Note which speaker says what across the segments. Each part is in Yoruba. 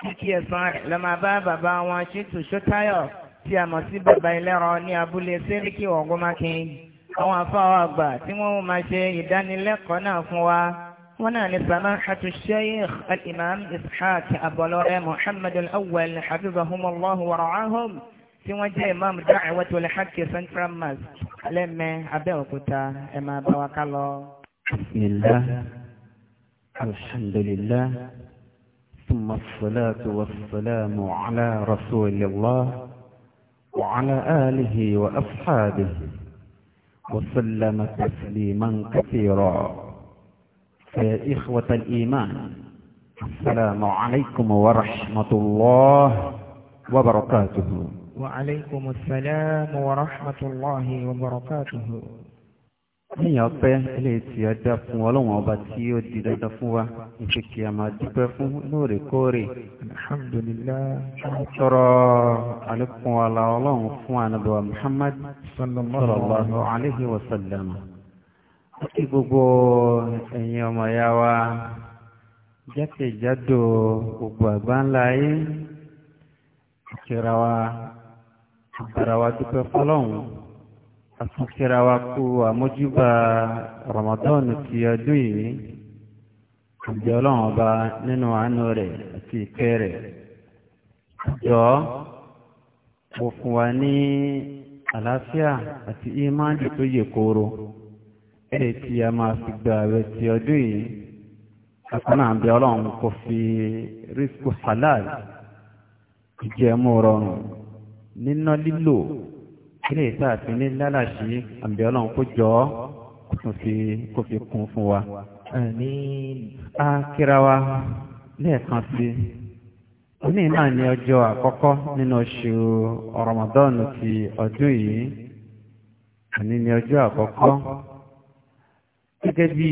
Speaker 1: kíkí ẹ̀sán rẹ̀ lọ máa bá bàbá wọn ṣètò ṣótáyọ̀ tí a mọ̀ sí bàbá ẹlẹ́rọ ní abúlé sẹ́ríkì ọ̀gọ́mákin àwọn afáwọ̀ àgbà tí wọ́n máa ṣe ìdánilẹ́kọ̀ọ́ náà fún wa wọ́n náà ní samahatu sheikh al-imam ishaq abọlọ́rẹ́ muhammad al-awwal hafizahumullahu wa ra'ahum tí wọ́n jẹ́ imam da'watul haqqi central mosque alẹ́mẹ́ abẹ́òkúta ẹ̀ máa bá wa ká
Speaker 2: bismillah alhamdulillah. ثم الصلاة والسلام على رسول الله وعلى آله وأصحابه وسلم تسليما كثيرا فيا إخوة الإيمان السلام عليكم ورحمة الله وبركاته
Speaker 1: وعليكم السلام ورحمة الله وبركاته èèyàn pẹ́ eléyìí
Speaker 2: tí ó dá fún ọlọ́run ọba tí ó di dandan fún wa ìfi kí a máa dúpẹ́ fún lóòrèkóòrè. alhamdulillah. tọrọ àlékún ala ọlọ́run fún anabiwa muhammad sallallahu alayhi wa sallam. àti gbogbo ẹ̀yin ọmọ ya wa jákèjádò gbogbo àgbáńlá yìí kíra wa bára wa dúpẹ́ fọlọ́run àtúnṣera wa Mojuba Ramadan ti ọdún yìí àjọ ọlọ́run ọba nínú àánú rẹ̀ àti ìkẹ́ rẹ̀ àjọ kò fún wa ní àlàáfíà àti ìmáàdì tó yè kooro ẹ̀rẹ̀ tí a máa fi gba ààrẹ ti ọdún yìí akọ́nà àbí ọlọ́run kò fi rísíkù halal ìjẹ́mú rọrùn níná lílò ilé ìta àti ní lálàṣí àbí ọlọ́run kó jọ ọ́ kó fi kó fi kún fún wa. ní akírawa lẹ́ẹ̀kan sí òní náà ní ọjọ́ àkọ́kọ́ nínú oṣù ọ̀rọ̀mọ̀dọ́ọ̀nù ti ọdún yìí òní ní ọjọ́ àkọ́kọ́ gẹ́gẹ́ bí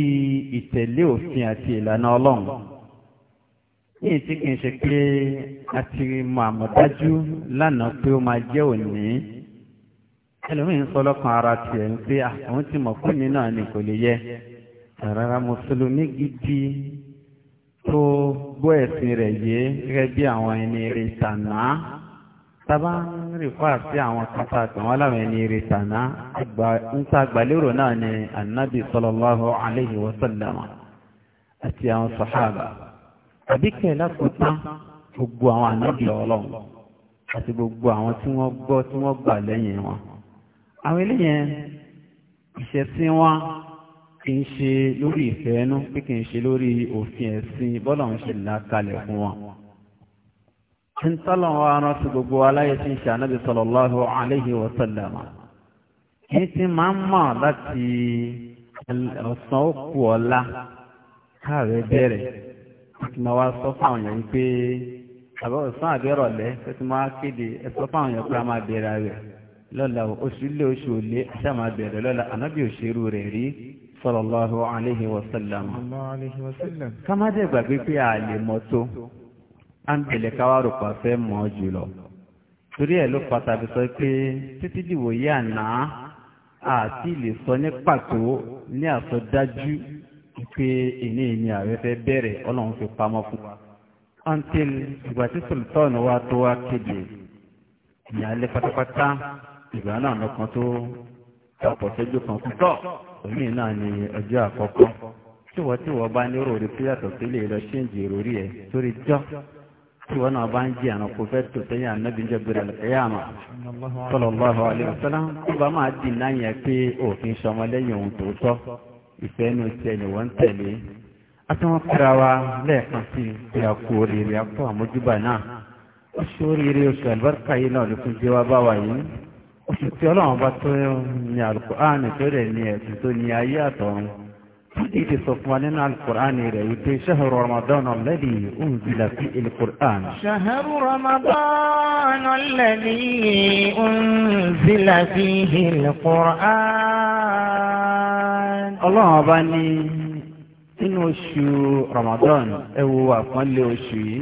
Speaker 2: ìtẹ̀lé òfin àti ìlànà ọlọ́run yìí tí kì ṣe pé a ti mọ àmọ̀dájú lánàá pé ó máa jẹ́ òní ẹlòmíín sọlọ́kan ara tiẹ̀ ń pé ah, àwọn tí mọ̀ fún mi náà ni kò lè yẹ rárá mùsùlùmí gidi tó gbọ́ ẹ̀sìn rẹ̀ yé gẹ́gẹ́ bí àwọn ẹni rè tànà sábà ń rí fà sí àwọn kàtà àwọn aláwọ̀ ẹni rè tànà ń ta àgbàlérò náà ni anabi sallallahu alayhi wa sallam àti àwọn sàhábà àbíkẹ́ lákòótán gbogbo àwọn anabi ọlọ́run àti gbogbo àwọn tí wọ́n gbọ́ tí wọ́n gbà lẹ́yìn wọn àwọn eléyẹn ìṣẹ̀sìn wọn kì í ṣe lórí ìfẹ́ ẹnu bí kì í ṣe lórí òfin ẹ̀sìn bọ́lá ń ṣe làákalẹ̀ fún wọn. ń tọ́lọ̀ wọn aránsì gbogbo aláyé tí ń ṣe ànábì sallallahu alayhi wa sallam kì í ti máa ń mọ̀ láti ọ̀sán òkú ọ̀la káàrẹ̀ bẹ̀rẹ̀ láti máa wá sọ fáwọn èèyàn pé àbẹ̀wò sàn àbẹ̀rọ̀ lẹ́ fẹ́ ti máa kéde ẹ fáwọn èèyàn pé a máa bẹ̀rẹ̀ rẹ̀ lọ́la oṣù ilé oṣù òlé àṣàmà bẹ̀rẹ̀ lọ́la ànábì òṣèrú rẹ̀ rí sallallahu alaihi wa sallam.
Speaker 1: ká má dẹ̀ gbàgbé pé a lè mọ̀ tó
Speaker 2: à ń tẹ̀lé káwárò pàfẹ́ mọ́ jùlọ. torí ẹ̀ ló pàtàkì sọ pé títí dìwòye àná àti lè sọ ní pàtó ní àsọdájú pé ìní ìní ààrẹ fẹ́ bẹ̀rẹ̀ ọlọ́run fi pamọ́ fún wa. until ìgbà tí sultan wa tó wá kéde ìyàlẹ́ pátápátá. ìgbà náà lọ́kàn tó ọ̀pọ̀ ṣẹ́jú kan fún tọ́ náà ni ọjọ́ àkọ́kọ́ tíwọ́ bá ní ròrí pé yàtọ̀ lè lọ ń ẹ̀ sórí jọ́ tíwọ́ náà bá ń jì àná kò fẹ́ tó sẹ́yìn ànábì bẹ̀rẹ̀ ẹ̀yàmà
Speaker 1: sallallahu alaihi
Speaker 2: tó bá máa dì náà yẹn pé òfin lẹ́yìn ohun tòótọ́ ìfẹ́ inú tiẹ̀ ni wọ́n ń tẹ̀lé wa lẹ́ẹ̀kan sí oríire àmójúbà náà ó ṣe oríire oṣù àlùbáríkà oṣù tí ọlọ́run bá tó ní alukur'ani tó rẹ̀ ní ẹ̀sìn tó ní ayé àtọ̀run títí ti sọ fún wa nínú alukur'ani rẹ̀ wípé ṣahru ramadan alladhi unzila fi alukur'an.
Speaker 1: ṣahru ramadan alladhi unzila fi alukur'an. ọlọ́run ọba ní
Speaker 2: nínú oṣù ramadan ẹ wo àpọ́nlé oṣù yìí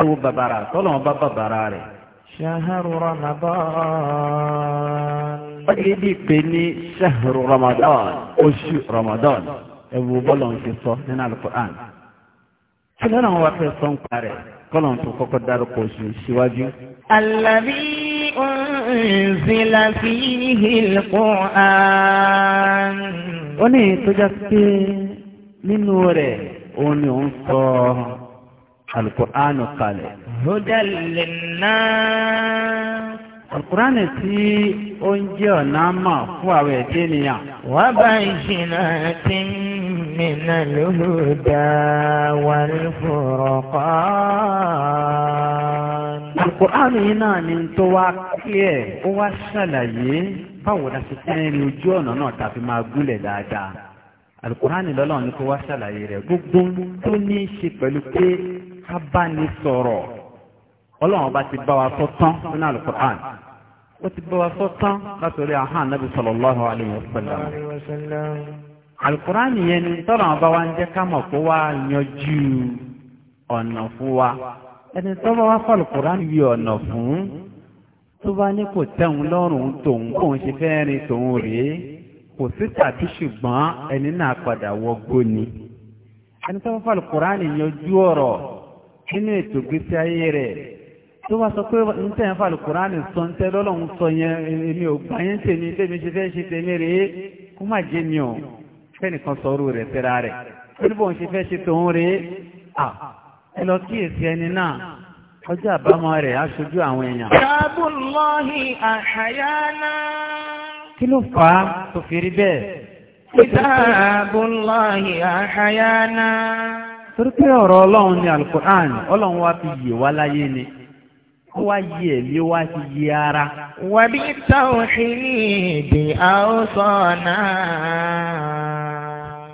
Speaker 2: ẹ wo bàbàrà tọ́lọ́run bá bàbàrà rẹ̀
Speaker 1: ṣaharu ramadan.
Speaker 2: wọ́n ti di pé ní ṣaharu ramadan oṣù ramadan ẹ̀wù bọ́lọ̀ ń ti sọ nínú alukur'an. kí ló náà wá fẹ́ sọ ń parẹ́ kọ́lọ̀ tó kọ́kọ́ dárúkọ oṣù síwájú.
Speaker 1: alábí unzila fihi alquran. ó ní ìtọ́jà pé nínú rẹ̀
Speaker 2: òun ni òun sọ ọ́ alukùránù kalẹ̀.
Speaker 1: hudan linnas. alukùránù tí
Speaker 2: ó ń jẹ́ ọ̀nà àmà fún àwọn ẹ̀dẹ́ nìyàn. wa
Speaker 1: bayyinatin minal huda wal furqan. alukùránù yìí náà ni tó wá kílẹ̀ ó wá
Speaker 2: ṣàlàyé báwo la ṣe fẹ́ ní ojú ọ̀nà náà tàbí máa gúnlẹ̀ dáadáa. alukùránù lọ́lọ́run ni kó wá ṣàlàyé rẹ̀ gbogbo tó ní í ṣe pẹ̀lú pé ká bá ní sọ̀rọ̀ ọlọ́run ọba ti bá wa sọ tán nínú alukur'an ó ti bá wa sọ tán látòrí ahán nabi sallallahu alayhi wa sallam alukur'an yẹn ni tọ́lọ̀ ọba wa ń jẹ́ ká mọ̀ kó wá yanjú ọ̀nà fún wa ẹni tó bá wá fọlùkùrán yí ọ̀nà fún tó bá ní kò tẹ̀hún lọ́rùn tòun kò ń ṣe fẹ́ rin tòun rèé kò sí tàbí ṣùgbọ́n ẹni náà padà wọgbó ni ẹni tó bá fọlùkùrán yanjú ọ̀rọ̀. nínú ètò gbésí ayé rẹ̀ tó wá sọ pé ní tẹ̀ fàlù fa sọ ń tẹ́ lọ́lọ́run sọ yẹn èmi ò gbà yẹn tèmi tèmi ṣe fẹ́ ṣe tèmi rèé kó má jẹ́ mi ọ̀ fẹ́nìkan sọ̀rọ̀ rẹ̀ tẹ́ra rẹ̀ oníbò ń ṣe fẹ́ ṣe tòun rèé à ẹ lọ kíyèsí ẹni náà ọjọ́ rẹ̀ á ṣojú àwọn èèyàn. kí ló fà á tó fi rí bẹ́ẹ̀. torí pé ọ̀rọ̀ ọlọ́run ni alukur'an
Speaker 1: ọlọ́run wa fi yè wá láyé ni
Speaker 2: ó wá yé ẹ̀mí wá fi yé ara.
Speaker 1: wàbí tawhidi awsana.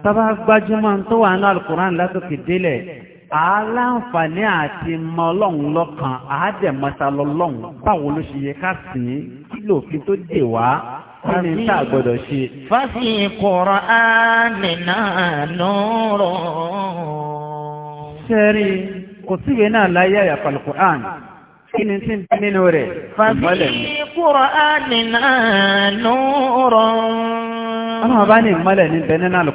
Speaker 2: sábà gbajúmọ̀ tó wà ní alukur'an látòkè délẹ̀ aláǹfààní àti mọ lọ́kàn àádẹ́mọ́ta báwo ló ṣe yẹ ká sìn ín kí tó dè wá tá a gbọ́dọ̀ ṣe.
Speaker 1: fásitì náà ṣẹ́rí kò síwé náà
Speaker 2: láyé àyàfà al kí ni tí ń bí nínú rẹ̀ fàbílẹ̀
Speaker 1: Ọlọ́run bá ní ní nínú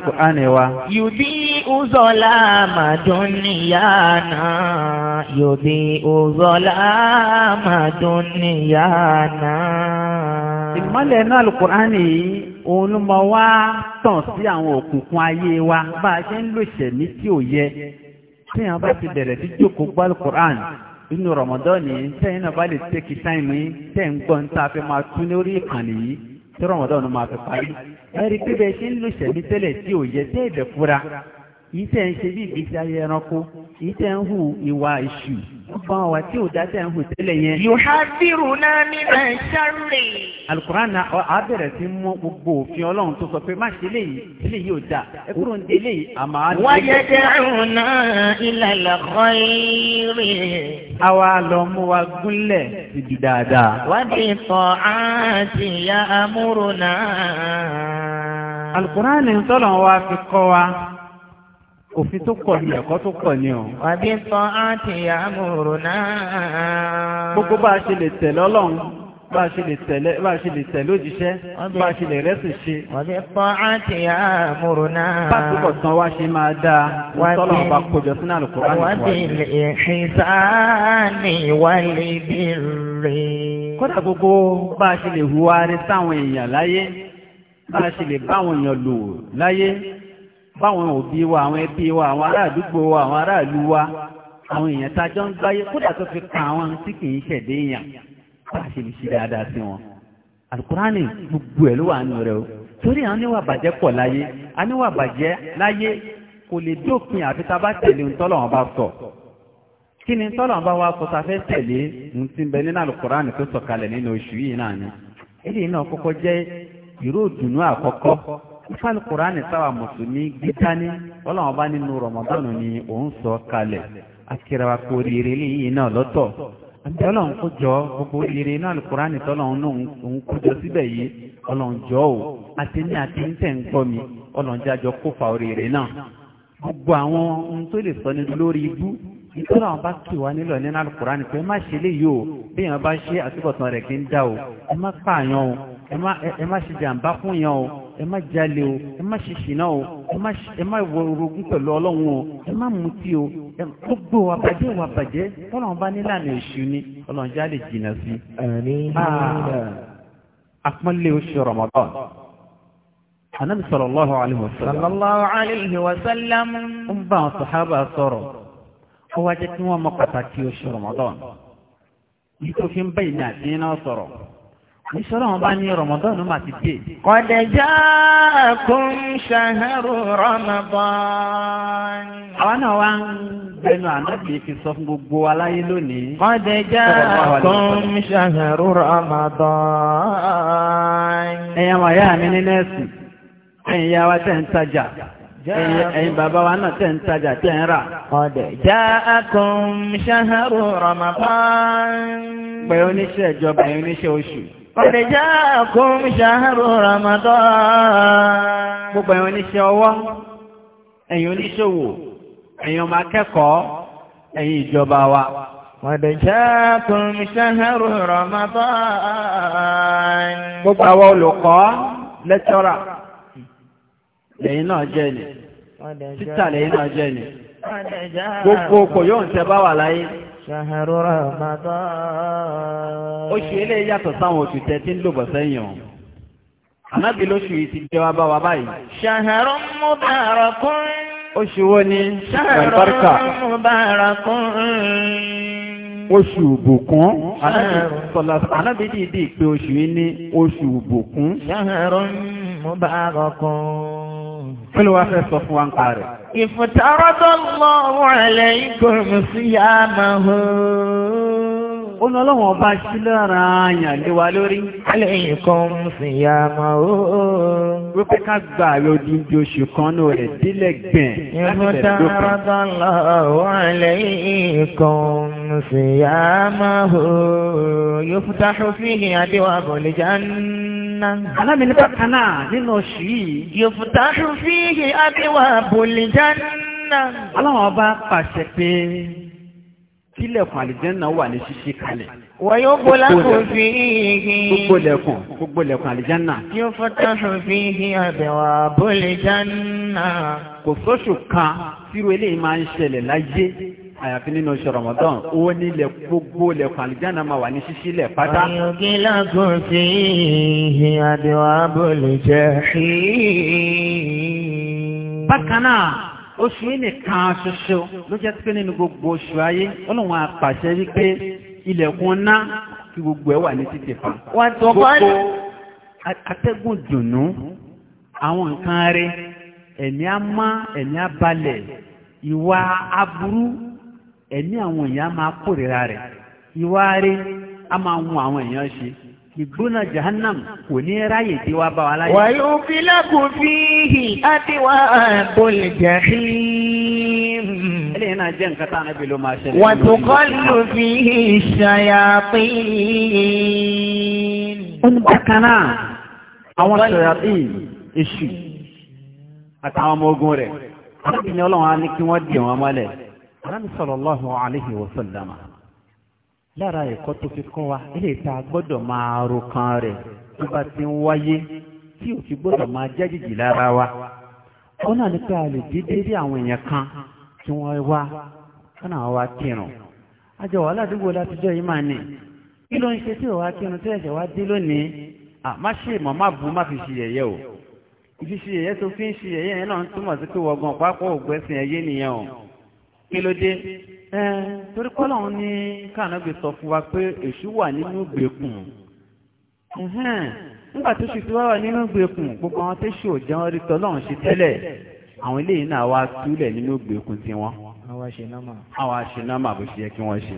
Speaker 1: wa. Yùdí uzọ́lá màdúnníyàna, yùdí náà Al-Qur'an yìí òun ló wá tàn sí àwọn
Speaker 2: wa bá a ṣe ń lò tíyàn bá ti bẹ̀rẹ̀ sí jókòó gbá alukur'an inú rọmọdọ́ọ̀nì tẹ́yìn náà bá lè tẹ́kì táìmù yín tẹ́yìn gbọ́n tá a fẹ́ máa tún lórí ìkànnì yìí tí rọmọdọ́ọ̀nì máa fi parí. ẹ̀rí pé bẹ́ẹ̀ ń lò ṣẹ̀mí tẹ́lẹ̀ tí ò yẹ tẹ́ ìbẹ̀ yìí tẹ̀ ń ṣe bí ìgbésí ayé ẹranko yìí ń hù ìwà ìṣù fún àwa tí ò dá ń hù tẹ́lẹ̀ yẹn. yuhadiruna minan sharri. alukuran na a bẹ̀rẹ̀ sí mú gbogbo òfin ọlọ́run tó sọ pé má ṣe léyìí eléyìí ò dáa ẹ kúrò
Speaker 1: ní eléyìí àmọ́. wayad'una ilal khayri. àwa lọ mú wa gúnlẹ̀ síbi dáadáa. wa bi ta'ati ya'muruna. alukuran ni sọ̀rọ̀ wa fi kọ́ wa
Speaker 2: òfin tó pọ̀ ní ẹ̀kọ́ tó pọ̀ ní ọ.
Speaker 1: Wàbí sọ àti àmúrò náà. Gbogbo bá a ṣe
Speaker 2: lè tẹ̀lé Ọlọ́run, bá a ṣe lè tẹ̀lé bá a ṣe lè tẹ̀lé òjíṣẹ́, bá a ṣe lè rẹ́sì ṣe. Wàbí sọ àti àmúrò náà. Pásítọ̀ tán wá ṣe máa dáa, tọ́lọ̀ bá kojọ sínú àlùkò láti wá. Wàbí lè ṣe sáàánì wálé bí rè. gbogbo bá a ṣe lè hùwà rẹ sáwọn èèyàn láyé, bá a ṣe lè báwọn èèyàn lò láyé fáwọn òbí wa àwọn ẹbí wa àwọn ará wa àwọn ará ìlú wa àwọn èèyàn tá a jọ ń gbáyé kódà tó fi kan àwọn tí kì í ṣẹ̀dé èèyàn bá a ṣe lè ṣe dáadáa sí wọn. alukurani gbogbo ẹ̀ ló wà nù rẹ̀ o torí àwọn níwà bàjẹ́ pọ̀ láyé aníwà bàjẹ́ láyé kò lè dópin àfi tá a bá tẹ̀lé ntọ́lọ́wọ́n bá sọ kí ni ntọ́lọ́wọ́n bá wa sọ tá a fẹ́ tẹ̀lé ń ti bẹ nínú alukurani tó sọ̀kalẹ̀ nínú oṣù yìí náà ni eléyìí náà kọ́kọ́ ìfàlù kùránì sáwà mùsùlùmí gbítání ọlọ́wọ́n bá nínú rọ̀mọ́dọ́nù ni òun sọ kalẹ̀ akẹrẹwà kò rírì yìí náà lọ́tọ̀ àti ọlọ́run kó jọ gbogbo rírì náà kùránì tọ́lọ́run náà òun kó jọ síbẹ̀ yìí ọlọ́run jọ ò àti ní àti ń tẹ̀ ń gbọ́ mi ọlọ́run jájọ kó fa rírì náà gbogbo àwọn ohun tó lè sọ ni lórí ibú ìtura àwọn bá kì wá nílò nínú alukurani pé má ṣe léyìí o bí èèyàn bá ṣe àtúbọ̀tán rẹ̀ kí ń dá o ẹ má pààyàn o ẹ má ṣe jàǹbá fún yàn o ẹ má jalè o ẹ má ṣìṣìnà o ẹ má rogún pẹ̀lú ọlọ́run o ẹ má mutí o gbogbo wa bàjẹ́ wa bàjẹ́ tọ́lọ́run bá nílànà èṣù ni ọlọ́run já lè jìnnà sí. Ah, àpọ́nlé oṣù Ramadan anabi sallallahu alayhi wa sallam. sallallahu
Speaker 1: alayhi wa sallam.
Speaker 2: ń bá àwọn sàhábà sọ̀rọ̀ ó wá kí wọ́n mọ pàtàkì oṣù Ramadan. yìí tó fi ń bẹ̀yìn àti iná sọ̀rọ̀. Ìṣọ́rọ̀ wọn bá ní Rọ̀mọ̀dọ́nù máa ti dé. Kọ̀dẹ̀ já kún ṣàhẹ́rù
Speaker 1: Rọ̀mọ̀dọ́n. Àwọn náà wá ń
Speaker 2: gbẹnu ànábì fi sọ fún gbogbo aláyé
Speaker 1: lónìí. Kọ̀dẹ̀ já kún
Speaker 2: ṣàhẹ́rù Rọ̀mọ̀dọ́n.
Speaker 1: Ẹ̀yàn wà yá mi ní nẹ́ẹ̀sì,
Speaker 2: ẹ̀yìn yá wa tẹ̀ ń tajà. Ẹ̀yin bàbá wa náà tẹ́ ń tajà tẹ́ ń rà. Ọ̀dẹ̀
Speaker 1: já akùn ṣáhárù Ramadan.
Speaker 2: Pẹ̀lú oníṣẹ́ ìjọba, oníṣẹ́ oṣù.
Speaker 1: Ọ̀dẹ̀já kún ṣàárò Ramadan. Gbogbo ẹ̀yàn oníṣẹ́ ọwọ́,
Speaker 2: ẹ̀yàn oníṣòwò, ẹ̀yàn máa kẹ́kọ̀ọ́, ẹ̀yìn ìjọba wa.
Speaker 1: Ọ̀dẹ̀já kún ṣàárò Ramadan. Gbogbo àwọn olùkọ́ lẹ́tọ́rà, lẹ́yìn náà jẹ́ ni. Títà lẹ́yìn شهر رمضان
Speaker 2: oṣù eléyìí yàtọ̀ sáwọn oṣù tẹ́ tí ń lò bọ̀ sẹ́yìn o ànábì lóṣù yìí ti jẹ́ wá bá wa báyìí.
Speaker 1: شهر مبارك oṣù wo ni ẹ̀bárkà
Speaker 2: oṣù bùkún ànábì dìídì pé oṣù yìí ní
Speaker 1: oṣù bùkún. شهر مبارك kí ló wá fẹ́ sọ fún wa ń parẹ́. إفترض الله عليكم صيامه ó ní ọlọ́wọ̀n ọba sí lára àyàn lé lórí. ẹlẹ́yìn kan ń fi ya máa ó. wípé ká gba àwẹ̀ oṣù kan náà rẹ̀ délẹ̀ gbẹ̀n. ìmúta rọ́tàn lọ wọ́n ẹlẹ́yìn kan ń fi ya máa ó. yóò fúta ṣòfin àdéhùn àbọ̀lẹ̀jà ńnà. alámìnira bákan náà nínú oṣù yìí. yóò fúta ṣòfin àdéhùn àbọ̀lẹ̀jà ńnà. ọlọ́wọ̀n ọba pàṣẹ pé tilẹ̀kùn
Speaker 2: àlìjẹ́nà wà ní ṣíṣí kalẹ̀. wọ́n yóò gbọ́lá kò fi
Speaker 1: ihi. gbogbo
Speaker 2: lẹ̀kùn gbogbo lẹ̀kùn àlìjẹ́nà.
Speaker 1: tí ó fọ́tà sùn fi ihi àbẹ̀wò àbólè jánà.
Speaker 2: kò sóṣù kan tírú eléyìí máa ń ṣẹlẹ̀ láyé àyàfi nínú oṣù Ramadan ó ní ilẹ̀ gbogbo lẹ̀kùn àlìjẹ́nà máa wà ní ṣíṣí lẹ̀ pátá. wọ́n
Speaker 1: yóò kò fi ihi àbẹ̀wò àbólè jẹ́
Speaker 2: bákan náà oṣù yìí nìkan ṣoṣo ló jẹ́ pé nínú gbogbo oṣù ayé ọlọ́run àpàṣẹ wípé ilẹ̀kùn ná kí gbogbo ẹ̀ wà ní títì pa. gbogbo atẹ́gùn dùnú àwọn nǹkan rẹ̀ ẹ̀mí á mọ́ ẹ̀mí á balẹ̀ ìwà aburú ẹ̀mí àwọn èèyàn máa kórìíra rẹ̀ ìwà rẹ̀ á máa hun àwọn èèyàn ṣe ìgbóná jahannam kò ní ráyè tí wá bá wa láyé. wàyí
Speaker 1: ó fi lẹ́kùn fi hì وأصحاب الجحيم
Speaker 2: وتقل
Speaker 1: فيه الشياطين أنبكنا
Speaker 2: àwọn ṣọ̀yàtì èṣù àtàwọn ọmọ ogun rẹ̀ arábìnrin ọlọ́run á ní kí wọ́n dì wọ́n mọ́lẹ̀ arábì sallallahu alaihi wa sallam lára ẹ̀kọ́ tó fi kọ́ wa ilé ìta gbọ́dọ̀ máa ro kan rẹ̀ tó bá ti ń wáyé tí ò fi gbọ́dọ̀ máa jẹ́ jìjì lára wa ó náà ní pé a lè dídé rí àwọn èèyàn kan tí wọ́n wá kán náà wá kírun àjọ wàhálà jọ látijọ́ yìí máa ní kí ló ń ṣe tí òwá kírun tí ẹ̀ṣẹ̀ wá dé lónìí má ṣe mọ̀ má bú má fi ṣe yẹ̀yẹ́ o ìfi ṣe yẹ̀yẹ́ tó fi ń ṣe yẹ̀yẹ́ yẹn náà ń túmọ̀ sí pé wọ̀gàn pápọ̀ ògbẹ́sìn ẹ̀yẹ́ nìyẹn o kí ló dé torí kọ́lọ̀ ń ní káànágbé sọ fún wa pé èṣù wà nínú ìgbèkùn nígbà tó ṣe ti wá wà nínú ìgbèkùn gbogbo àwọn tó ṣe òjò wọn rí tọ́lọ́run ṣe tẹ́lẹ̀ àwọn eléyìí náà wá túlẹ̀ nínú ìgbèkùn tiwọn. àwọn àṣenámà bó ṣe yẹ kí wọ́n ṣe.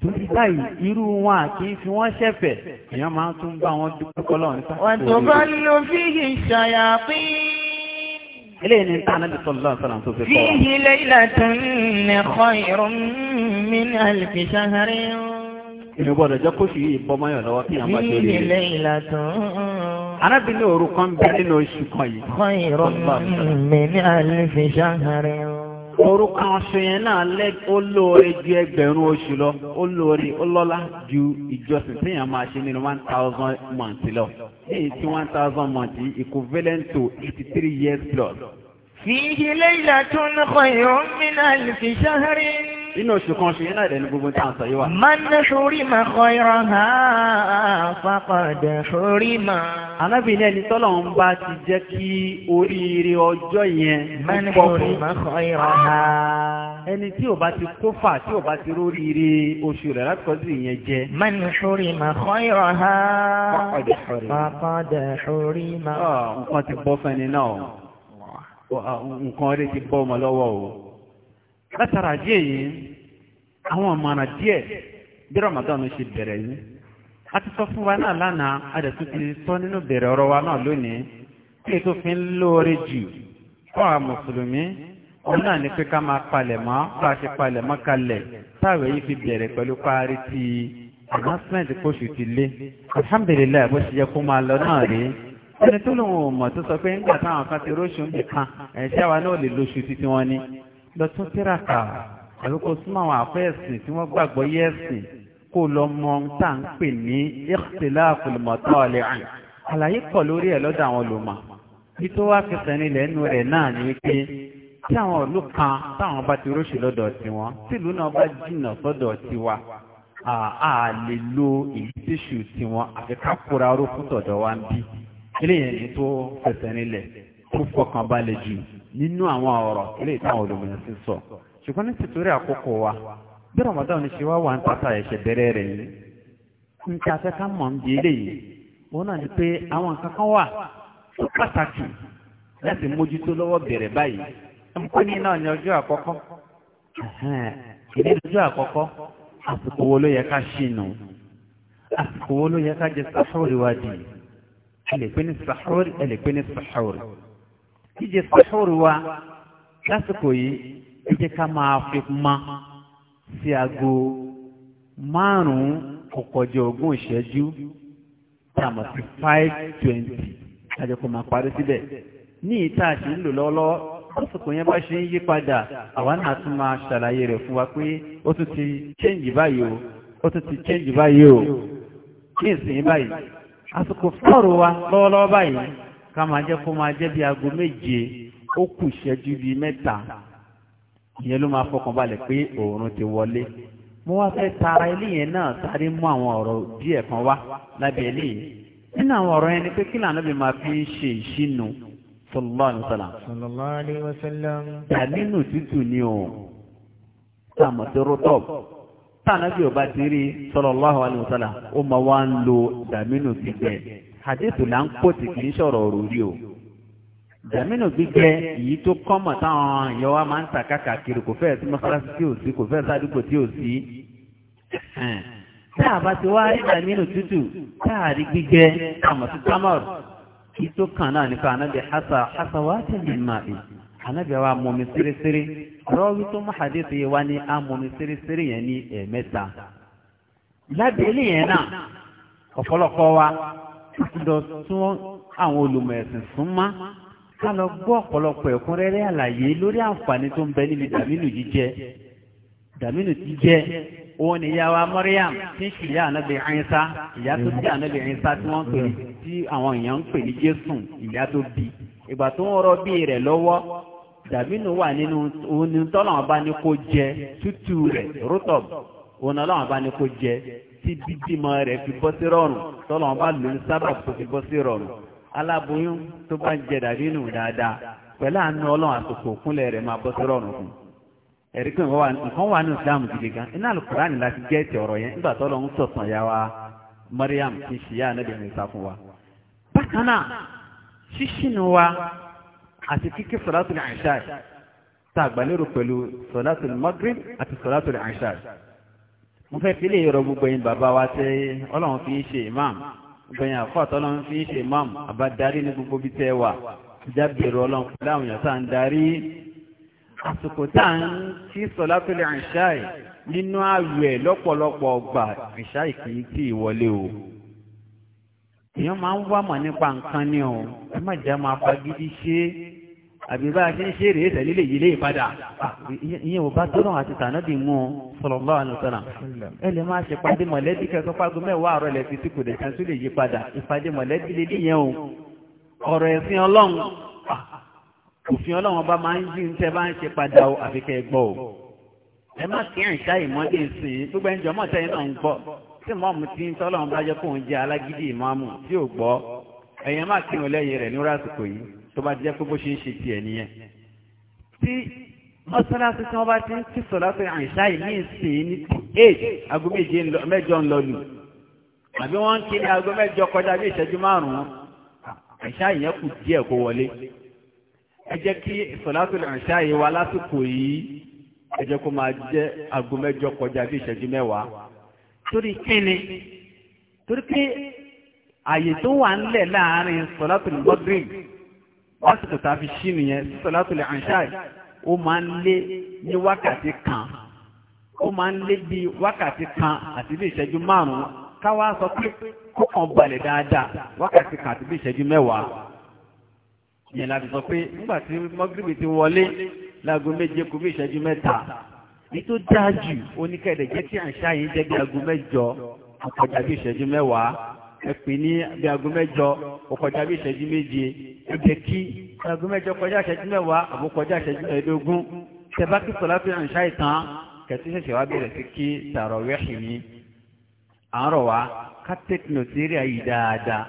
Speaker 2: torí báyìí irú wọn kì í fi wọ́n èèyàn máa tún bá wọn dúpẹ́ kọ́lọ́run sáà. wọ́n tó bá
Speaker 1: lò fi ìṣàyà pín
Speaker 2: eléyìí ni tàà nàbì sọlọ sọlọ tó fi kọ. fihi
Speaker 1: laylatun khayrun min alfi shahrin èmi
Speaker 2: gbọ́dọ̀ jẹ́ kóṣù yìí bọ́ mọ́yàn lọ́wọ́ kí àwọn àjọ rí rẹ̀.
Speaker 1: arábìnrin òru kan bẹ nínú oṣù kan yìí. kọ́ìrọ̀ mi ní àlefi ṣáhàrẹ.
Speaker 2: òru kan oṣù yẹn náà lẹ́ ó lóore ju ẹgbẹ̀rún oṣù lọ ó lóore ó lọ́lá ju ìjọsìn tí èèyàn máa ṣe nínú one thousand month lọ. èyí tí one thousand month yìí equivalent to eighty three years plus.
Speaker 1: Fi lẹ́yìn àtúnkọ̀ yóò mí náà lè fi ṣáhàrẹ́ inú oṣù kan ṣe iná ìdẹni gbogbo tí a ń sọ yìí wà. man hurima khayraha faqad hurima. alábìnrin ẹni tọ́lọ̀ ń bá ti jẹ́ kí oríire ọjọ́ yẹn ń pọ̀ fún. man hurima khayraha.
Speaker 2: ẹni tí ò bá ti kófà tí ò bá ti róríire oṣù rẹ̀ láti kọjú ìyẹn jẹ. man hurima khayraha faqad hurima. Ah, nǹkan ti bọ́ fẹ́ni náà nǹkan rẹ̀ ti bọ́ ọmọ lọ́wọ́ o. látara àdí èyí àwọn ọ̀mọ̀ràn díẹ̀ bí Ramadan ṣe bẹ̀rẹ̀ yìí a ti sọ fún wa náà lánàá adẹ̀tún ti sọ nínú bẹ̀rẹ̀ ọ̀rọ̀ wa náà lónìí kí ètò fi ń lóore jù fún àwọn mùsùlùmí òun náà ni pé ká máa palẹ̀ mọ́ bá a ṣe palẹ̀ mọ́ kalẹ̀ táwọn èyí fi bẹ̀rẹ̀ pẹ̀lú parí ti announcement kóṣù ti lé alhamdulilayi bó ṣe yẹ kó máa lọ náà rí ẹni tó lóun ò mọ̀ tó sọ pé táwọn kan ti róṣù ẹ̀ṣẹ́ wa náà lè lóṣù títí wọn ni lọ tún tíraka àbí kó súnmọ́ àwọn àfẹ́ẹ̀sìn tí wọ́n gbàgbọ́ yẹ́ẹ̀sìn kó lọ mọ ohun tá à ń pè ní ikhtilaful matali' àlàyé pọ̀ lórí ẹ̀ lọ́dọ̀ àwọn olùmọ̀ bí tó wá fi sẹ́ni lẹ́nu rẹ̀ náà ni pé tí àwọn ìlú kan táwọn bá ti róṣù lọ́dọ̀ tiwọn tìlú náà bá jìnnà sọ́dọ̀ tiwa a lè lo ìlítíṣù tiwọn àfi ká kóra oró tọ̀dọ̀ wa ń bí eléyìí ni tó fẹsẹ̀ nílẹ̀ kó fọkàn balẹ̀ jù nínú àwọn ọ̀rọ̀ ilé ìtàwọn olùmọ̀ràn sí sọ ṣùgbọ́n ní tìtúrí àkókò wa bí Ramadan ní ṣe wá wà ń tata ẹ̀ṣẹ̀ bẹ̀rẹ̀ rẹ̀ yìí nǹkan afẹ́ká mọ̀ ń di eléyìí òun náà ni pé àwọn nǹkan kan wà tó pàtàkì láti mójútó lọ́wọ́ bẹ̀rẹ̀ báyìí ẹ̀mọ́kọ́ni náà ní ọjọ́ àkọ́kọ́ ìdí ọjọ́ àkọ́kọ́ àsìkò wo ló yẹ ká ṣìnà àsìkò wo ló yẹ ká jẹ sàhóòrì wájú ẹlẹ́pẹ́ jíjẹ sàhóòrò wa lásìkò yìí ẹ jẹ́ ká máa fi sí aago márùn kọkọjọ ogún ìṣẹ́jú tá sí five twenty ká kó máa parí ní ìta àti lásìkò yẹn bá ṣe ń yí padà àwa náà tún máa ṣàlàyé rẹ̀ fún wa pé ó tún ti change báyìí o ó ti change báyìí o ní wa lọ́wọ́lọ́wọ́ báyìí ká máa jẹ́ kó máa jẹ́ bí aago méje ó kù ìṣẹ́jú bíi mẹ́ta ìyẹn ló máa fọkàn balẹ̀ pé oòrùn ti wọlé mo wá fẹ́ tara eléyẹn náà sáré mú àwọn ọ̀rọ̀ díẹ̀ kan wá lábẹ́ eléyìí nínú àwọn ọ̀rọ̀ yẹn ni pé kí lànà bí máa fi ń ṣe ìṣínú sallallahu alaihi wasallam.
Speaker 1: sallallahu alaihi wasallam. tà nínú
Speaker 2: tútù ni o tàmọ̀tẹ́rọ́tọ̀. tánàbí ọba ti rí sallallahu alaihi wasallam ó wá ń lo dàmínú gbígbẹ hadith là ń pò tí kì í sọ̀rọ̀ o dàmínú gbígbẹ èyí tó kọ́mọ̀ táwọn èèyàn wa máa ń tà káàkiri kò fẹ́ẹ̀ sí mọ́sálásí tí ò sí kò tí ò sí tá a bá ti wá dàmínú tútù káàrí gbígbẹ àmọ̀ sí tó kàn náà nípa ànábìá wa mọ̀mí sírísírí rọ́ọ̀wí tó mú hadith yìí wá ní amọ̀mí sírísírí yẹn ní ẹ̀ẹ̀mẹ́ta. lábẹ́ ilé yẹn náà ọ̀pọ̀lọpọ̀ wa lọ tún àwọn olùmọ̀ ẹ̀sìn súnmọ́ ká lọ gbọ́ ọ̀pọ̀lọpọ̀ ẹ̀kúnrẹ́rẹ́ àlàyé lórí àǹfààní tó ń bẹ níbi dàmínù jíjẹ dàmínù jíjẹ òun ni ìyá wa Mariam tí ń ṣìyá ànábì Ìsá ìyá tó bí ànábì Ìsá tí wọ́n ń pè tí àwọn èèyàn ń pè ní Jésù ìyá tó bí ìgbà tó ń rọ bí rẹ̀ lọ́wọ́ dàbínú wà nínú òní tọ́lọ́wọ́n bá ní kó jẹ tútù rẹ̀ rútọ̀b òní ọlọ́wọ́n bá ní kó jẹ tí bíbímọ rẹ̀ fi bọ́ sí rọrùn tọ́lọ́wọ́n bá lòún sábà tó fi bọ́ sí rọrùn aláboyún tó bá jẹ dàbínú dáadáa pẹ̀lú àánú àsopọ̀ òkúnlẹ̀ rẹ̀ máa bọ́ ya wa mariam ti sá wa. bákan náà ṣíṣínú àti kíkí sọ̀látù ní àṣà tá a gbàlérò pẹ̀lú sọ̀látù ní magrib àti sọ̀látù ní àṣà. mo fẹ́ fi lè yọrọ gbogbo yín bàbá wa tẹ́ ọlọ́run fi ń ṣe imam gbogbo yín àfọ́ àtọ́lọ́run fi ń ṣe imam àbádarí ní gbogbo bí tẹ́ wà jábẹ̀rù ọlọ́run pẹ̀lú àwọn èèyàn tá à ń darí àsìkò tá à ń kí sọ̀látù ní àṣà nínú àwẹ̀ lọ́pọ̀lọpọ̀ ọgbà àṣà ìkìyí tí ìwọlé o èèyàn máa ń wá mọ̀ nípa nǹkan ni o ẹ má jẹ́ máa fagídí ṣe àbí bá a ṣe ń ṣe rèé tẹ̀lé lè yí lé ìpadà ah, ìyẹn ò bá tọ́nà àti tànàbì mú un sallallahu alaihi
Speaker 1: wasallam
Speaker 2: ẹ lè máa ṣe pàdé mọ̀lẹ́bí kẹ́kọ́ pàgọ́ mẹ́wàá àrọ̀ ilẹ̀ fi tí kò dẹ̀ kan tó lè yí padà ìpàdé mọ̀lẹ́bí lè níyẹn o ọ̀rọ̀ ẹ̀sìn ọlọ́run ah, òfin ọlọ́run ọba máa ń yí ń tẹ́ bá ń ṣe padà o àfi kẹ́ ẹ gbọ́ o ẹ má kí ẹ̀ ń ṣá ìmọ́lẹ̀ ìsìn gbogbo ẹ̀ńjọ́ mọ̀ tẹ́yìn náà ń gbọ́ tí mọ́ọ̀mù ti ń tọ́lọ́run bá jẹ́ kóun jẹ́ alágídí ìmọ̀ọ́mù tí ò gbọ́ ẹ̀yẹn má kí wọn rẹ̀ ní rásìkò yìí tó bá jẹ́ pé bó ṣe ń ṣe tiẹ̀ nìyẹn tí mọ́sálásí tí wọ́n bá ti ń tí sọ̀látò àìṣá yìí ní ìsìn ní eight aago méje mẹ́jọ ń lọ lù àbí wọ́n ń kí ní aago mẹ́jọ kọjá bí ìṣẹ́jú márùn-ún àìṣá yìí yẹn kù díẹ̀ kó wọlé ẹ jẹ́ kí sọ̀látò àìṣá yìí wá lásìkò yìí ẹ jẹ́ kó máa jẹ́ aago mẹ́jọ kọjá bí ìṣẹ́jú mẹ́wàá torí kíni torí pé àyè tó wà ńlẹ̀ láàárín sọ̀látò lásìkò tá a fi ṣí nìyẹn sọlátùlẹ àǹṣáì ó máa ń lé ní wákàtí kan ó máa ń lé bí wákàtí kan àti bí ìṣẹ́jú márùn-ún káwá sọ pé kókàn balẹ̀ dáadáa wákàtí kan àti bí ìṣẹ́jú mẹ́wàá yẹn la fi sọ pé nígbà tí mọ́gírìbì ti wọlé láago méje kù bí ìṣẹ́jú mẹ́ta ní tó dáa jù oníkẹ́dẹ̀ jẹ́ kí àǹṣáì jẹ́ bí aago mẹ́jọ àkọjá bí ìṣẹ́jú mẹ́wàá ẹ pè ní bí aago mẹ́jọ ó kọjá bí ìṣẹ́jú méje ẹ jẹ́ kí aago mẹ́jọ kọjá ìṣẹ́jú mẹ́wàá àbó kọjá ìṣẹ́jú mẹ́ẹ̀ẹ́dógún tẹ̀bá kí sọ̀lá fi hàn ṣáì tán kẹ̀tí ṣẹ̀ṣẹ̀ wá bẹ̀rẹ̀ sí kí tààrọ̀ wẹ́ẹ̀ṣì ní àárọ̀ wa ká tẹ̀kínọ̀ sí rí àyè dáadáa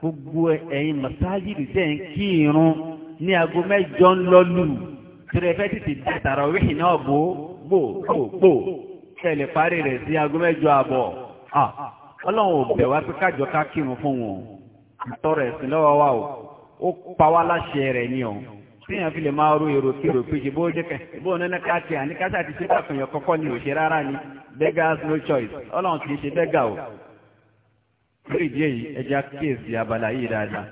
Speaker 2: gbogbo ẹ̀yin masáàjìdì tẹ̀ ń kí irun ní aago mẹ́jọ ń lọ lù tẹ̀rẹ̀ ọlọ́run ò wá pé kájọ ká kírun fún o ó pa wá láṣẹ rẹ̀ ni o tíyàn fi lè máa ro èrò kí èrò péjì bó jẹ́kẹ̀ bó nínú ti ṣe kọ́kọ́ ni òṣè rárá ni beggars no choice ọlọ́run ṣe bẹ́gà o lórí ìdí èyí ẹja kíyèsí abala yìí dáadáa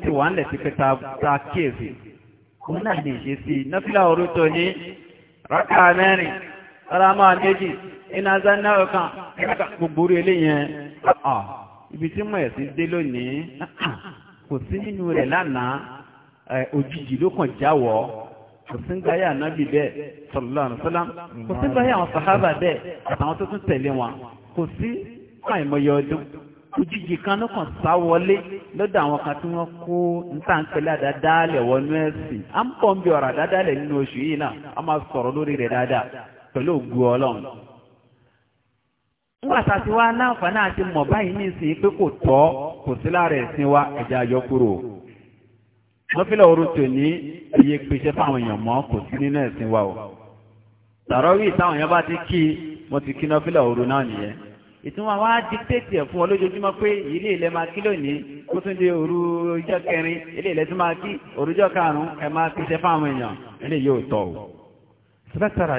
Speaker 2: ti wà ń ta kíyèsí òun náà lè ṣe sí i ara máa méjì iná zanna gbogbo eléyẹn ibi tí mo ẹ̀sìn dé lónìí kò sí nínú rẹ̀ lánàá òjijì ló kàn jáwọ́ kò sí ń gbáyà nábì bẹ́ẹ̀ sallallahu kò sí ń àwọn sàhábà bẹ́ẹ̀ àtàwọn tó tún tẹ̀lé wọn kò sí àìmọye ọdún òjijì kan ló kàn sá wọlé a pẹ̀lú ògùn ọlọ́run nígbàtà tí wá láǹfààní àti mọ̀ báyìí ní pé kò tọ́ kò sí lára ẹ̀sìn wa ẹ̀jẹ̀ àyọkúrò lọ́fílẹ̀ oorun ní iye pèsè fáwọn èèyàn mọ́ kò sí nínú ẹ̀sìn wa o táwọn èèyàn bá ti kí ti kí lọ́fílẹ̀ oorun náà nìyẹn ìtumọ̀ wa fún ọ lójoojúmọ́ pé ilé ilẹ̀ máa kí lónìí kó tún di kẹrin ilé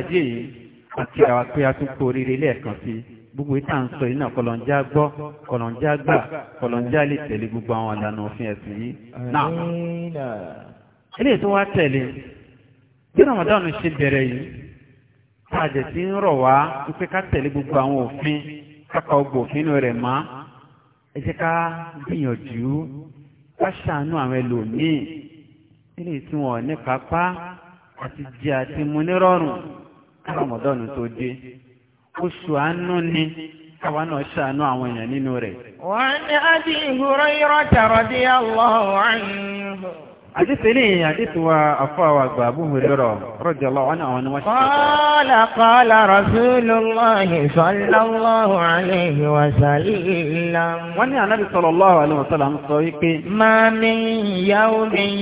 Speaker 2: ilẹ̀ àti àwa pé a tún kó oríire lẹ́ẹ̀kan sí gbogbo ìta ń sọ iná kọlọ̀njá gbọ́ kọlọ̀njá gbà kọlọ̀njá lè tẹ̀lé gbogbo àwọn ìlànà òfin ẹ̀sìn yìí náà ilé tó wá tẹ̀lé bí Ramadan ṣe bẹ̀rẹ̀ yìí tàjẹ̀ tí ń rọ̀ wá wípé ká tẹ̀lé gbogbo àwọn òfin káka ọgbọ̀ òfin rẹ̀ má ẹ jẹ́ ká gbìyànjú ká ṣàánú àwọn ẹlòmíì ilé tí wọn ní rọmọdọ́nù tó dé oṣù àánú ni káwa náà ṣàánú àwọn èèyàn nínú rẹ̀.
Speaker 1: wọ́n ní Abi Hurayrata radiyallahu anhu. Àdísí ní àdísí wa àfọwà àgbà àbúhù lọ́rọ̀ rọ́jọ́ lọ́wọ́ ní àwọn ọmọ ṣíkà. Qala qala Rasulullahi sallallahu alayhi wa sallam. Wọ́n ní ànábì sallallahu alayhi wa sallam sọ wípé. Ma min yawmin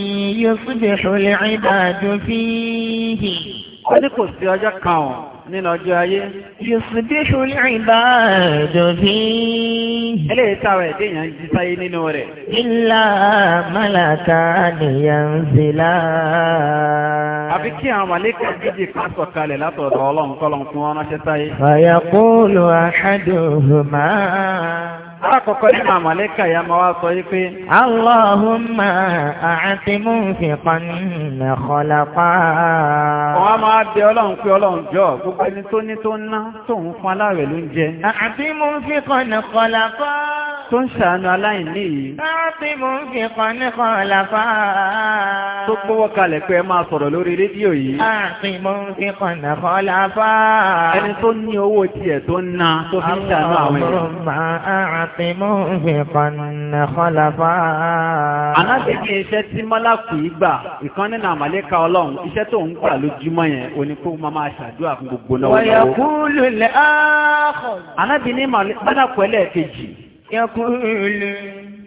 Speaker 1: yusbihu al-ibadu fihi ó ní kò sí ọjọ́ kan ọ̀
Speaker 2: nínú ọjọ́ ayé.
Speaker 1: yusuf bíṣu ìrìnbá àjọ̀bí.
Speaker 2: eléyìí táwọn ẹ̀dẹ́ yẹn ń jí sáyé nínú rẹ̀.
Speaker 1: ilá málàkà nìyẹn ń àfi
Speaker 2: kí àwọn màlẹ́kà méjì kan sọ̀kalẹ̀ látọ̀dọ̀ ọlọ́run fún wọn ránṣẹ́ sáyé.
Speaker 1: fàyàkó lo àṣàdùn alákọ̀ọ́kọ́ nínú
Speaker 2: àmàlẹ́kà ya ma wá sọ wípé
Speaker 1: Allahumma àti mú fi pàánà kọlapá wọ́n máa
Speaker 2: bẹ ọlọ́run pé ọlọ́run jọ gbogbo ẹni tó ní tó ná
Speaker 1: tó ń fún aláàrẹ̀ ló àti mú fi pàánà kọlapá
Speaker 2: tó ń ṣàánú aláìní yìí.
Speaker 1: Láti mú fi kan ní kan làfà.
Speaker 2: Tó gbówó kalẹ̀ pé ẹ máa sọ̀rọ̀ lórí rédíò yìí. Láti
Speaker 1: mú fi kan ní kan làfà. Ẹni tó ní owó tiẹ̀ tó ń na tó fi ń ṣàánú àwọn èèyàn. Àwọn ọmọ àti mú fi kan ní kan làfà. Anábìkì
Speaker 2: iṣẹ́ tí Mọ́lákù yìí gbà, ìkan nínú àmàlẹ́ka Ọlọ́run, iṣẹ́ tó ń gbà lójúmọ́ yẹn, ó ní kó máa máa ṣàdúrà fún gbogbo náà. Wọ́n yẹ kúlù lẹ́
Speaker 1: Yẹ́kúlù.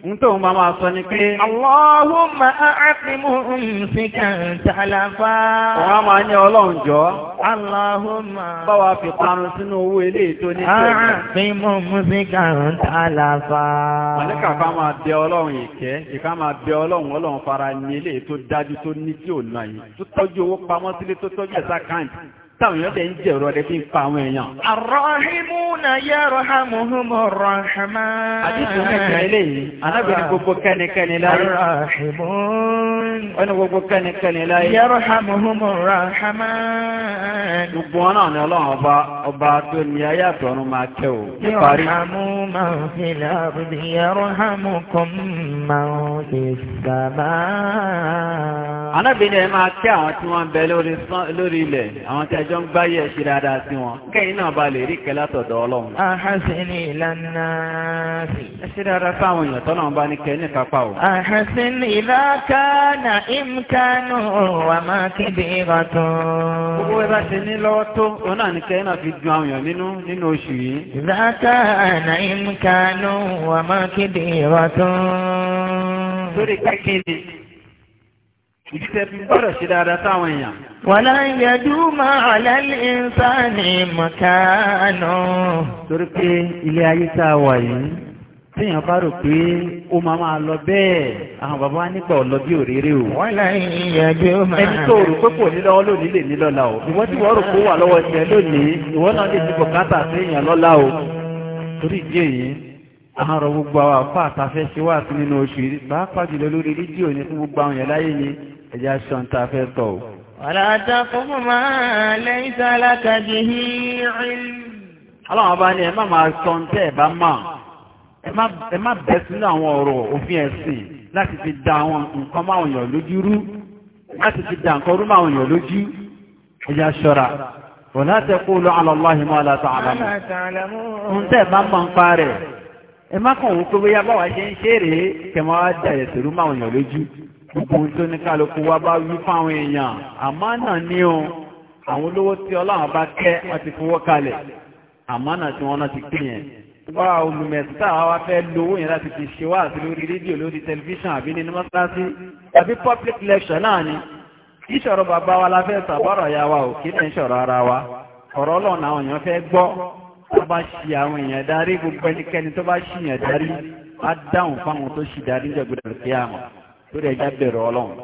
Speaker 1: Ń tó ń bá máa sọ ni pé. Allahumma a'aqimu umsika talafa. Wọ́n á máa ní ọlọ́run jọ. Allahumma. Báwa fi parun sínú owó ilé ètò ní tẹ̀lé. A'aqimu umsika talafa. Màlíkà ká
Speaker 2: máa bẹ ọlọ́run ìkẹ́, ìká máa bẹ ọlọ́run ọlọ́run fara ní ilé ètò dájú tó ní tí ò náà yìí. Tó tọ́jú owó pamọ́ sílé tó tọ́jú ẹ̀sà káǹtì táwọn èèyàn tẹ̀ ń jẹ̀rọ ọdẹ fi ń pa àwọn èèyàn.
Speaker 1: Ar-rahimuna yarhamuhumur rahman. Àdìsùn mẹ́ta eléyìí, alábìrin gbogbo
Speaker 2: kẹ́nikẹ́ni láyé. Ar-rahimun. Ó ní gbogbo kẹ́nikẹ́ni láyé. Yarhamuhumur
Speaker 1: rahman.
Speaker 2: Gbogbo wọn náà ni ọlọ́run ọba ọba tó ní ayé àtọ̀run máa kẹ́ o. Yarhamu
Speaker 1: man fil ardi yarhamukum man fis sama.
Speaker 2: Alábìrin ẹ̀ máa kẹ́ àwọn tí wọ́n ń bẹ lórí ilẹ̀, àwọn tí jọ ń gbáyé ṣe dáadáa sí wọn kẹ́yìn náà bá lè rí kẹ́ látọ̀dọ̀ ọlọ́run.
Speaker 1: àhásìnì ìlànà sí. ẹ ṣe dáadáa sáwọn èèyàn tọ́nà bá ní kẹ́ ní kápá o. àhásìnì ìlàkánà ìmkánù wà máa kéde ìrọ̀tún. gbogbo ẹ bá ṣe ní lọ́wọ́ tó òun náà ní kẹ́yìn náà fi dun àwọn èèyàn nínú nínú oṣù yìí. ìlàkánà ìmkánù wà máa kéde ìrọ̀tún. sórí kẹ́kẹ́
Speaker 2: Ìgbésẹ̀ fi gbọ́dọ̀ ṣe dáadáa sáwọn èèyàn.
Speaker 1: Wàlá ìyẹ́dú máa àlálẹ́ ìsáàní mọ̀kánù. Torí pé ilé ayé tá a wà yìí,
Speaker 2: téèyàn bá rò pé ó máa máa lọ bẹ́ẹ̀, àwọn bàbá wa nígbà ọ̀lọ bí òréré o. Wàlá ìyẹ́dú máa. Ẹni tó rò pé kò ní lọ́wọ́ lónìí lè ní lọ́la o. Ìwọ́n tí wọ́n rò pé ó wà lọ́wọ́ tiẹ̀ lónìí, ìwọ́n náà lè ti bọ̀kátà séèyàn lọ́la o. Torí ìdí èyí, àwọn ọ̀rọ̀ gbogbo àwọn àfáà tafẹ́ ṣe wà sí nínú oṣù yìí, pàápàá jùlọ lórí rédíò ní gbogbo àwọn yẹn láyé ni ẹjá ṣan tá a fẹ́ tọ̀ o.
Speaker 1: wàlá taqfu ma laysa laka bihi ilm.
Speaker 2: aláwọ̀ bá ní ẹ má máa sọ ń tẹ́ ẹ bá mọ̀ ẹ má bẹ́ sínú àwọn ọ̀rọ̀ òfin ẹ̀sìn láti fi da àwọn nǹkan máa wọ̀nyàn lójú rú láti fi da nǹkan rú máa wọ̀nyàn lójú ẹjá ṣọ́ra. wàlá taqulu ala Allahi ma la
Speaker 1: ta'lamun. ń ẹ
Speaker 2: má kàn wọ́n pé bóyá báwa ṣe ń ṣeré kẹmọ́ á rú máa wọ̀nyàn lójú gbogbo tó ní kálukú wá bá wí fáwọn èèyàn àmánà ní o àwọn olówó tí ọlọ́run bá kẹ́ wọ́n ti fowó kalẹ̀ àmánà tí wọ́n náà ti pín yẹn wá olùmẹ̀sítà wa fẹ́ lówó yẹn láti fi ṣe wá àti lórí rédíò lórí tẹlifíṣàn àbí nínú mọ́sáàsì àbí public lecture náà ni ìṣòro bàbá wa la fẹ́ sàbọ̀rọ̀ ya wa ò kí ní ìṣòro ara wa ọ̀rọ̀ ọlọ́run àwọn èèyàn fẹ́ gbọ́ tó bá ṣì àwọn èèyàn darí gbogbo ẹnikẹ́ni tó lórí ẹja bẹ̀rẹ̀ ọlọ́run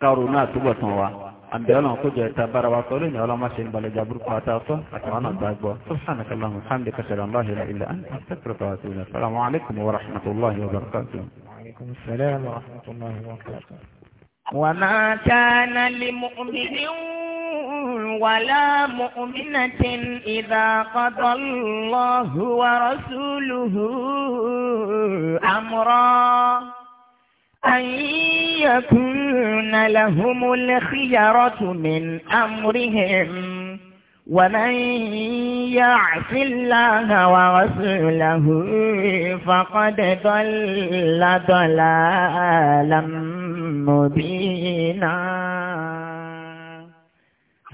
Speaker 2: káàrò náà túbọ̀ tán wa àbẹ̀ ọlọ́run kó jẹ ẹ̀ta bára wa sọ́lé ní ọlọ́mọ ṣe ń balẹ̀ ìjà burúkú àtàtọ́ àti wọn náà gbàgbọ́ subhanakallahumma wa hamdika ashhadu an la ilaha illa anta astaghfiruka wa atubu ilayk assalamu
Speaker 1: alaykum wa السلام ورحمة الله وبركاته وما كان لمؤمن ولا مؤمنة إذا قضى الله ورسوله أمرا أن لهم الخيرة من أمرهم ومن يعص الله ورسوله فقد ضل ضلالا مبينا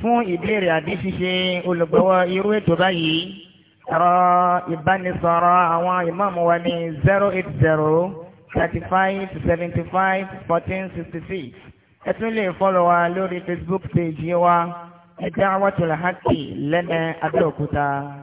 Speaker 1: fún ìbéèrè àbí ṣíṣe olùgbọ́wọ́ irú ètò báyìí ẹ̀rọ ìbánisọ̀rọ̀ àwọn ìmáàmù wa ní zero thirty-five seventy-five fourteen sixty-six ẹ tún lè fọ́lọ̀ wa lórí Facebook page wa ẹ̀dá wàtúlà hákì lẹ́nẹ̀ẹ́ Abẹ́òkúta.